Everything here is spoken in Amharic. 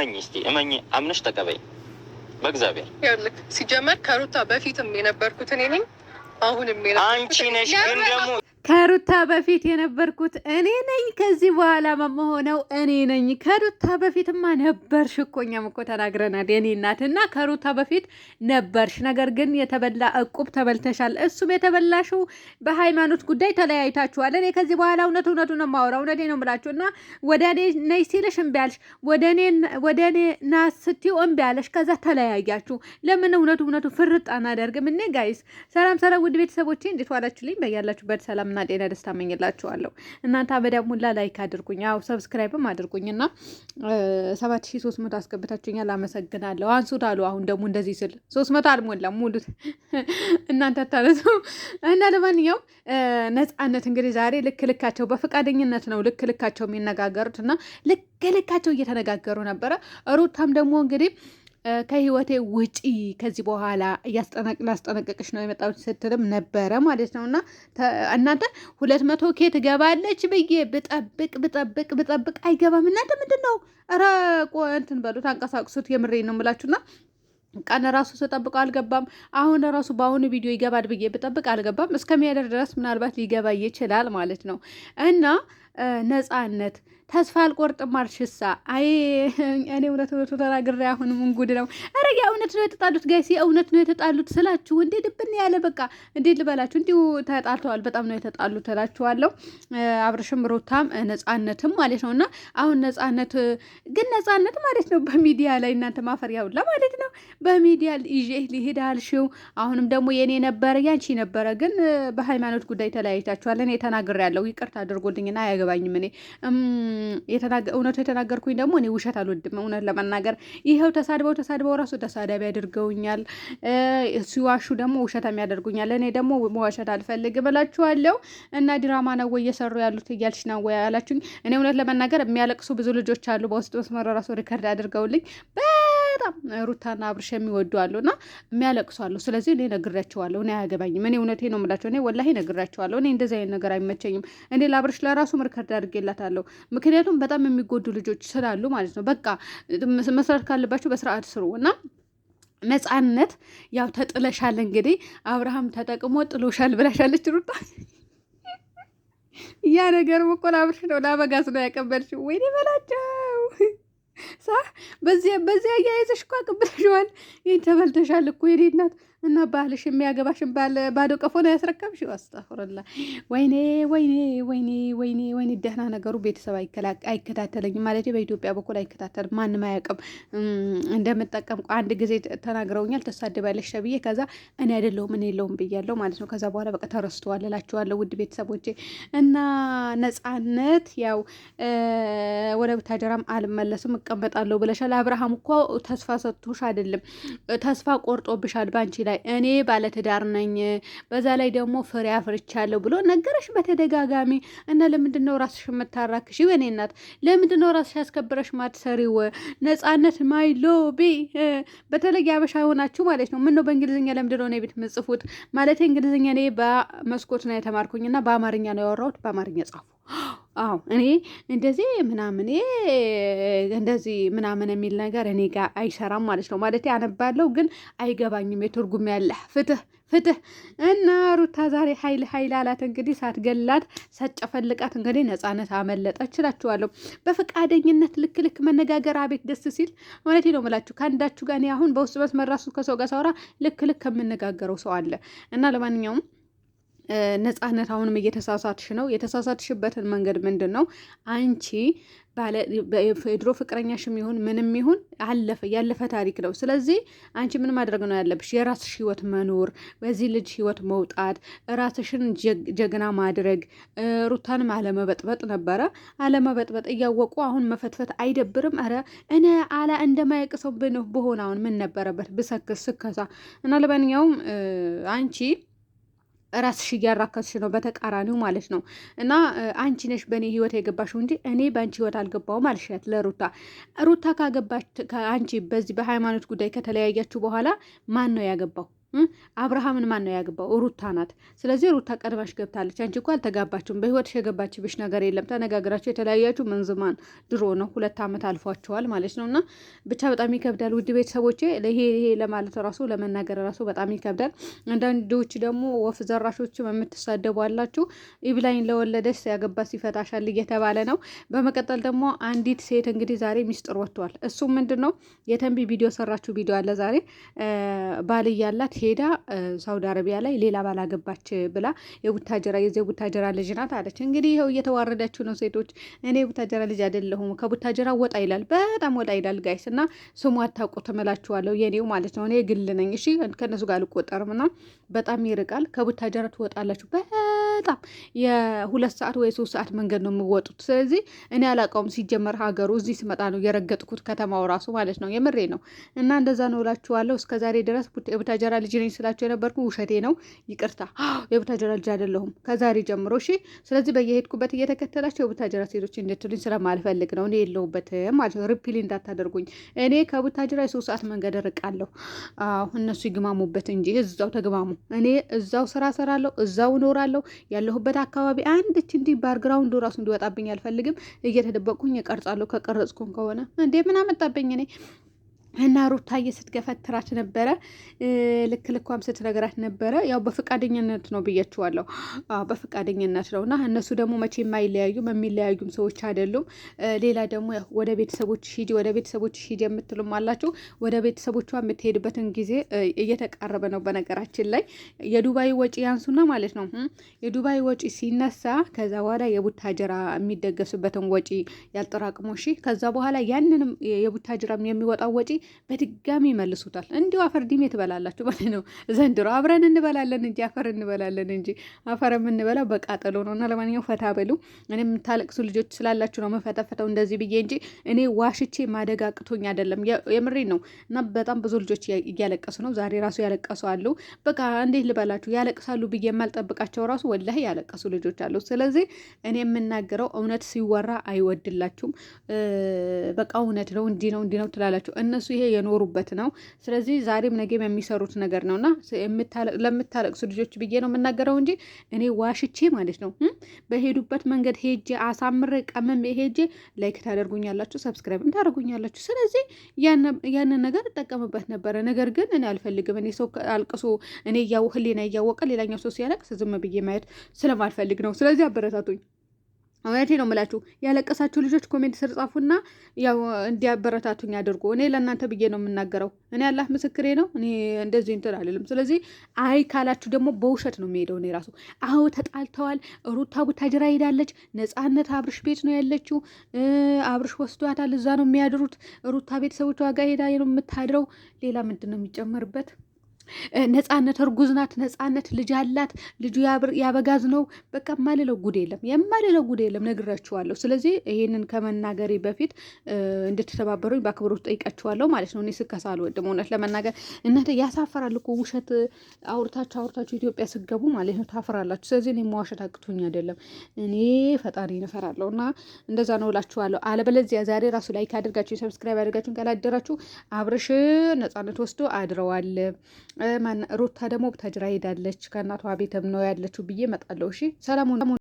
እመኝ እስቲ እመኝ፣ አምነሽ ተቀበይ በእግዚአብሔር ያልክ። ሲጀመር ከሩታ በፊትም የነበርኩት እኔ ነኝ፣ አሁንም አንቺ ነሽ ግን ደግሞ ከሩታ በፊት የነበርኩት እኔ ነኝ። ከዚህ በኋላ መመሆነው እኔ ነኝ። ከሩታ በፊትማ ነበርሽ እኮ እኛም እኮ ተናግረናል። የኔ እናት እና ከሩታ በፊት ነበርሽ፣ ነገር ግን የተበላ እቁብ ተበልተሻል። እሱም የተበላሽው በሃይማኖት ጉዳይ ተለያይታችኋል። እኔ ከዚህ በኋላ እውነት እውነቱ ነው የማወራው፣ እውነቴ ነው የምላችሁ እና ወደ እኔ ነይ ሲልሽ እምቢ አለሽ፣ ወደ እኔ ና ስትዪው እምቢ አለሽ። ከዛ ተለያያችሁ። ለምን እውነቱ እውነቱ ፍርጥ አናደርግም? እኔ ጋይስ ሰላም ሰላም፣ ውድ ቤተሰቦቼ እንዴት ዋላችሁልኝ? በያላችሁበት ሰላም ሰላምና ጤና ደስታ መኝላችኋለሁ። እናንተ አበዳሙላ ላይክ አድርጉኝ፣ ያው ሰብስክራይብም አድርጉኝ እና ሰባት ሺህ ሶስት መቶ አስገብታችሁኛል፣ አመሰግናለሁ። አንሱት አሉ። አሁን ደግሞ እንደዚህ ስል ሶስት መቶ አልሞላም ሙሉት እናንተ ታነሱ እና ለማንኛውም ነጻነት እንግዲህ ዛሬ ልክ ልካቸው በፈቃደኝነት ነው ልክ ልካቸው የሚነጋገሩት እና ልክ ልካቸው እየተነጋገሩ ነበረ። ሩታም ደግሞ እንግዲህ ከህይወቴ ውጪ ከዚህ በኋላ ላስጠነቀቅሽ ነው የመጣሁት ስትልም ነበረ ማለት ነው። እና እናንተ ሁለት መቶ ኬ ትገባለች ብዬ ብጠብቅ ብጠብቅ ብጠብቅ አይገባም። እናንተ ምንድን ነው ኧረ እንትን በሉት አንቀሳቅሱት። የምሬ ነው የምላችሁና ቀን ራሱ ተጠብቆ አልገባም። አሁን ራሱ በአሁኑ ቪዲዮ ይገባል ብዬ ብጠብቅ አልገባም። እስከሚያደር ድረስ ምናልባት ሊገባ ይችላል ማለት ነው እና ነፃነት ተስፋ አልቆርጥም አልሽሳ። አይ እኔ እውነት እውነቱ ተናግሬ አሁን ምን ጉድ ነው? ኧረ የእውነት ነው የተጣሉት ጋይስ፣ የእውነት ነው የተጣሉት ስላችሁ እንዴ ድብን ያለ በቃ እንዴ ልበላችሁ፣ እንዲሁ ተጣልተዋል። በጣም ነው የተጣሉት እላችኋለሁ። አብረሽም ሩታም ነፃነትም ማለት ነው። እና አሁን ነፃነት ግን ነፃነት ማለት ነው በሚዲያ ላይ እናንተ ማፈሪያ ሁላ ማለት ነው። በሚዲያ ይዤ ሊሄድ አልሽው። አሁንም ደግሞ የእኔ ነበረ ያንቺ ነበረ፣ ግን በሃይማኖት ጉዳይ ተለያይታችኋል። እኔ ተናግሬ ያለው ይቅርታ አድርጎልኝና ያገባ አይገባኝም። እኔ እውነቱ የተናገርኩኝ ደግሞ እኔ ውሸት አልወድም። እውነት ለመናገር ይኸው ተሳድበው ተሳድበው ራሱ ተሳዳቢ ያደርገውኛል። ሲዋሹ ደግሞ ውሸታም ያደርጉኛል። እኔ ደግሞ መዋሸት አልፈልግም እላችኋለሁ። እና ድራማ ነው ወይ እየሰሩ ያሉት እያልሽ ነው ወይ አላችሁኝ። እኔ እውነት ለመናገር የሚያለቅሱ ብዙ ልጆች አሉ በውስጥ መስመር ራሱ ሪከርድ አድርገውልኝ በጣም ሩታና አብርሽ የሚወዱ አለሁ እና የሚያለቅሱ አለሁ። ስለዚህ እኔ ነግሬያቸዋለሁ። እኔ አያገባኝም። እኔ እውነቴ ነው የምላቸው። እኔ ወላሂ ነግሬያቸዋለሁ። እኔ እንደዚህ አይነት ነገር አይመቸኝም። እኔ ለአብርሽ ለራሱ ምርከርድ አድርጌላታለሁ። ምክንያቱም በጣም የሚጎዱ ልጆች ስላሉ ማለት ነው። በቃ መስራት ካለባቸው በስርዓት ስሩ እና ነፃነት ያው ተጥለሻል። እንግዲህ አብርሃም ተጠቅሞ ጥሎሻል ብላሻለች ሩታ። ያ ነገር እኮ ለአብርሽ ነው ለአበጋዝ ነው ያቀበልሽ። ወይኔ በላቸው በዚያ በዚያ አያይዘሽ እኮ አቅብተሽዋል። ይህን ተበልተሻል እኮ የኔ እናት እና ባልሽ የሚያገባሽን ባል ባዶ ቀፎ ነው ያስረከብሽው። አስተፍርላ ወይኔ ወይኔ ወይኔ ወይኔ ወይኔ። ደህና ነገሩ ቤተሰብ አይከታተለኝም ማለት በኢትዮጵያ በኩል አይከታተልም፣ ማንም አያውቅም እንደምጠቀም። አንድ ጊዜ ተናግረውኛል፣ ተሳድባለሽ ተብዬ ከዛ እኔ አይደለሁም እኔ የለውም ብያለሁ ማለት ነው። ከዛ በኋላ በቃ ተረስተዋል እላቸዋለሁ። ውድ ቤተሰቦቼ እና ነጻነት ያው ወደ ብታጀራም አልመለስም እቀመጣለሁ ብለሻል። አብርሃም እኮ ተስፋ ሰጥቶሽ አይደለም ተስፋ ቆርጦብሻል ባንቺ ላይ እኔ ባለትዳር ነኝ፣ በዛ ላይ ደግሞ ፍሬ አፍርቻለሁ ብሎ ነገረሽ በተደጋጋሚ እና ለምንድን ነው ራስሽ የምታራክሽ? በእኔ እናት ለምንድን ነው ራስሽ ያስከብረሽ ማትሰሪው? ነጻነት ሎቢ። በተለይ አበሻ ሆናችሁ ማለት ነው። ምነው በእንግሊዝኛ ለምንድን ነው እኔ ቤት የምጽፉት? ማለት እንግሊዝኛ እኔ በመስኮት ነው የተማርኩኝ እና በአማርኛ ነው ያወራሁት። በአማርኛ ጻፉ። አዎ እኔ እንደዚህ ምናምን እንደዚህ ምናምን የሚል ነገር እኔ ጋር አይሰራም ማለት ነው። ማለት አነባለሁ ግን አይገባኝም። የትርጉም ያለ ፍትህ ፍትህ እና ሩታ ዛሬ ሀይል ሀይል አላት። እንግዲህ ሳትገላት ሳጨፈልቃት እንግዲህ ነፃነት አመለጠች እላችኋለሁ። በፈቃደኝነት ልክ ልክ መነጋገር አቤት ደስ ሲል፣ እውነቴ ነው የምላችሁ ከአንዳችሁ ጋር እኔ አሁን በውስጥ መስመር ራሱ ከሰው ጋር ሰውራ ልክ ልክ ከምነጋገረው ሰው አለ እና ለማንኛውም ነጻነት አሁንም እየተሳሳትሽ ነው። የተሳሳትሽበትን መንገድ ምንድን ነው? አንቺ የድሮ ፍቅረኛሽም ይሁን ምንም ይሁን አለፈ ያለፈ ታሪክ ነው። ስለዚህ አንቺ ምን ማድረግ ነው ያለብሽ? የራስሽ ህይወት መኖር፣ በዚህ ልጅ ህይወት መውጣት፣ ራስሽን ጀግና ማድረግ፣ ሩታንም አለመበጥበጥ ነበረ። አለመበጥበጥ እያወቁ አሁን መፈትፈት አይደብርም? ኧረ እኔ አለ እንደማያውቅ ሰው ብሆን አሁን ምን ነበረበት ብሰክስ ስከሳ እና ለማንኛውም አንቺ ራስሽ እያራከስሽ ነው፣ በተቃራኒው ማለት ነው። እና አንቺ ነሽ በእኔ ህይወት የገባሽው እንጂ እኔ በአንቺ ህይወት አልገባውም አልሻት ለሩታ። ሩታ ካገባች አንቺ በዚህ በሃይማኖት ጉዳይ ከተለያያችሁ በኋላ ማን ነው ያገባው? አብርሃምን ማን ነው ያገባው? ሩታ ናት። ስለዚህ ሩታ ቀድማሽ ገብታለች። አንቺ እኮ አልተጋባችሁም። በህይወትሽ የገባችብሽ ነገር የለም። ተነጋግራችሁ የተለያያችሁ መንዝማን ድሮ ነው። ሁለት ዓመት አልፏቸዋል ማለት ነው። እና ብቻ በጣም ይከብዳል። ውድ ቤተሰቦቼ ይሄ ይሄ ለማለት ራሱ ለመናገር ራሱ በጣም ይከብዳል። አንዳንዶች ደግሞ ወፍ ዘራሾች የምትሳደቡ አላችሁ። ኢብላይን ለወለደች ያገባ ሲፈታሻል እየተባለ ነው። በመቀጠል ደግሞ አንዲት ሴት እንግዲህ ዛሬ ሚስጥር ወጥቷል። እሱም ምንድን ነው የተንቢ ቪዲዮ ሰራችሁ ቪዲዮ አለ ዛሬ ባል እያላት ሄዳ ሳውዲ አረቢያ ላይ ሌላ ባላገባች ብላ የቡታጀራ የዚ ቡታጀራ ልጅ ናት አለች። እንግዲህ ይኸው እየተዋረዳችሁ ነው ሴቶች። እኔ የቡታጀራ ልጅ አይደለሁም ከቡታጀራ ወጣ ይላል፣ በጣም ወጣ ይላል ጋይስ። እና ስሙ አታውቁ እላችኋለሁ፣ የኔው ማለት ነው። እኔ ግል ነኝ እሺ፣ ከእነሱ ጋር አልቆጠርም። እና በጣም ይርቃል ከቡታጀራ ትወጣላችሁ በጣም የሁለት ሰዓት ወይ ሶስት ሰዓት መንገድ ነው የምወጡት። ስለዚህ እኔ አላውቀውም ሲጀመር ሀገሩ እዚህ ስመጣ ነው የረገጥኩት ከተማው ራሱ ማለት ነው። የምሬ ነው እና እንደዛ ነው እላችኋለሁ። እስከዛሬ ድረስ የቡታጀራ ልጅ ነኝ ስላቸው የነበርኩ ውሸቴ ነው። ይቅርታ የቡታጀራ ልጅ አይደለሁም ከዛሬ ጀምሮ እሺ። ስለዚህ በየሄድኩበት እየተከተላቸው የቡታጀራ ሴቶች እንድትሉኝ ስለማልፈልግ ነው። እኔ የለሁበትም ማለት ነው። ሪፒል እንዳታደርጉኝ። እኔ ከቡታጀራ የሶስት ሰዓት መንገድ እርቃለሁ። እነሱ ይግማሙበት እንጂ እዛው ተግማሙ። እኔ እዛው ስራ ሰራለሁ፣ እዛው እኖራለሁ። ያለሁበት አካባቢ አንድች እንዲህ ባርግራውንዱ ራሱ እንዲወጣብኝ አልፈልግም። እየተደበቅኩኝ እቀርጻለሁ። ከቀረጽኩን ከሆነ እንዴ ምን አመጣብኝ እኔ እና ሩታዬ ስትገፈትራት ነበረ። ልክ ልኳም ስትነግራት ነበረ። ያው በፈቃደኝነት ነው ብያችኋለሁ። በፈቃደኝነት ነው እና እነሱ ደግሞ መቼ የማይለያዩም የሚለያዩም ሰዎች አይደሉም። ሌላ ደግሞ ወደ ቤተሰቦች ሂጂ፣ ወደ ቤተሰቦች ሂጂ የምትሉም አላችሁ። ወደ ቤተሰቦቿ የምትሄድበትን ጊዜ እየተቃረበ ነው። በነገራችን ላይ የዱባይ ወጪ ያንሱና ማለት ነው። የዱባይ ወጪ ሲነሳ ከዛ በኋላ የቡታጀራ የሚደገሱበትን ወጪ ያልጠራቅሞ ሺ ከዛ በኋላ ያንንም የቡታጀራም የሚወጣው ወጪ በድጋሚ ይመልሱታል። እንዲሁ አፈር ዲሜ ትበላላችሁ ማለት ነው። ዘንድሮ አብረን እንበላለን እንጂ አፈር እንበላለን እንጂ አፈር የምንበላው በቃጠሎ ነው። እና ለማንኛውም ፈታ በሉ። እኔ የምታለቅሱ ልጆች ስላላችሁ ነው መፈተፈተው እንደዚህ ብዬ እንጂ እኔ ዋሽቼ ማደግ አቅቶኝ አይደለም። የምሬን ነው። እና በጣም ብዙ ልጆች እያለቀሱ ነው። ዛሬ ራሱ ያለቀሱ አሉ። በቃ እንዴት ልበላችሁ ያለቅሳሉ ብዬ የማልጠብቃቸው ራሱ ወላሂ ያለቀሱ ልጆች አሉ። ስለዚህ እኔ የምናገረው እውነት ሲወራ አይወድላችሁም። በቃ እውነት ነው እንዲህ ነው እንዲህ ነው ትላላችሁ እነሱ እነሱ ይሄ የኖሩበት ነው። ስለዚህ ዛሬም ነገም የሚሰሩት ነገር ነውና ለምታለቅሱ ልጆች ብዬ ነው የምናገረው እንጂ እኔ ዋሽቼ ማለት ነው በሄዱበት መንገድ ሄጄ አሳምሬ ቀመም ሄጄ ላይክ ታደርጉኛላችሁ፣ ሰብስክራይብ ታደርጉኛላችሁ። ስለዚህ ያንን ነገር እጠቀምበት ነበረ። ነገር ግን እኔ አልፈልግም። እኔ ሰው አልቅሶ እኔ ህሊና እያወቀ ሌላኛው ሰው ሲያለቅስ ዝም ብዬ ማየት ስለማልፈልግ ነው። ስለዚህ አበረታቱኝ። እውነቴ ነው የምላችሁ። ያለቀሳችሁ ልጆች ኮሜንት ስር ጻፉና ያው እንዲያበረታቱኝ አድርጉ። እኔ ለእናንተ ብዬ ነው የምናገረው። እኔ አላህ ምስክሬ ነው። እኔ እንደዚህ እንትን አልልም። ስለዚህ አይ ካላችሁ ደግሞ በውሸት ነው የሚሄደው። እኔ ራሱ አሁ ተጣልተዋል፣ ሩታ ቡታጅራ ሄዳለች፣ ነጻነት አብርሽ ቤት ነው ያለችው፣ አብርሽ ወስዷታል፣ እዛ ነው የሚያድሩት፣ ሩታ ቤተሰቦቿ ጋር ሄዳ ነው የምታድረው። ሌላ ምንድን ነው የሚጨመርበት? ነፃነት እርጉዝ ናት፣ ነፃነት ልጅ አላት፣ ልጁ ያበጋዝ ነው። በቃ የማልለው ጉድ የለም፣ የማልለው ጉድ የለም፣ ነግራችኋለሁ። ስለዚህ ይህንን ከመናገሬ በፊት እንድትተባበሩኝ በአክብሮት ጠይቃችኋለሁ ማለት ነው። እኔ ስከሳ አልወድም፣ እውነት ለመናገር እናንተ ያሳፈራል እኮ ውሸት አውርታችሁ አውርታችሁ ኢትዮጵያ ስገቡ ማለት ነው ታፈራላችሁ። ስለዚህ እኔ መዋሸት አቅቶኝ አይደለም፣ እኔ ፈጣሪ እፈራለሁ እና እንደዛ ነው እላችኋለሁ። አለበለዚያ ዛሬ ራሱ ላይክ አድርጋችሁ ሰብስክራይብ አድርጋችሁ ካላደራችሁ አብርሽ ነፃነት ወስዶ አድረዋል። ሩታ ደግሞ ተጅራ ሄዳለች። ከእናቷ ቤትም ነው ያለችው ብዬ እመጣለሁ። እሺ ሰላሙን